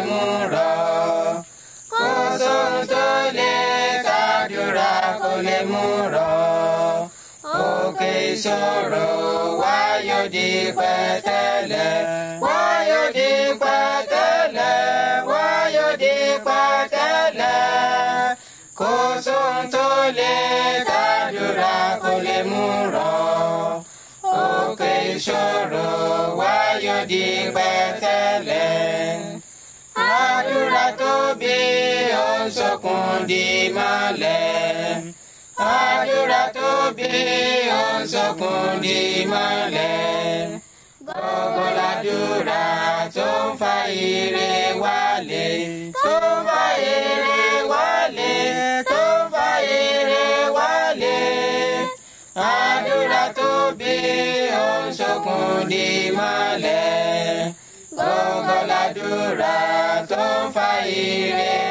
múra kó sóhun tó lè kádùrà kó lè múra òkè ìṣòro wá yóò di pẹ̀tẹ́lẹ̀ wá yóò di pẹ̀tẹ́lẹ̀ wá di pẹ̀tẹ́lẹ̀ kó sóhun tó lè kádùrà kó lè múra òkè ìṣòro di pẹ̀tẹ́lẹ̀. dákun di mọ́lẹ̀. àdúrà tó bí ọ̀nsọ̀kun di mọ́lẹ̀. gbogbo ládùúrà tó ń fa ire wálé. tó ń fa ire wálé. tó ń fa ire wálé. àdúrà tó bí ọ̀nsọ̀kun di mọ́lẹ̀. gbogbo tó ń fa ire wálé.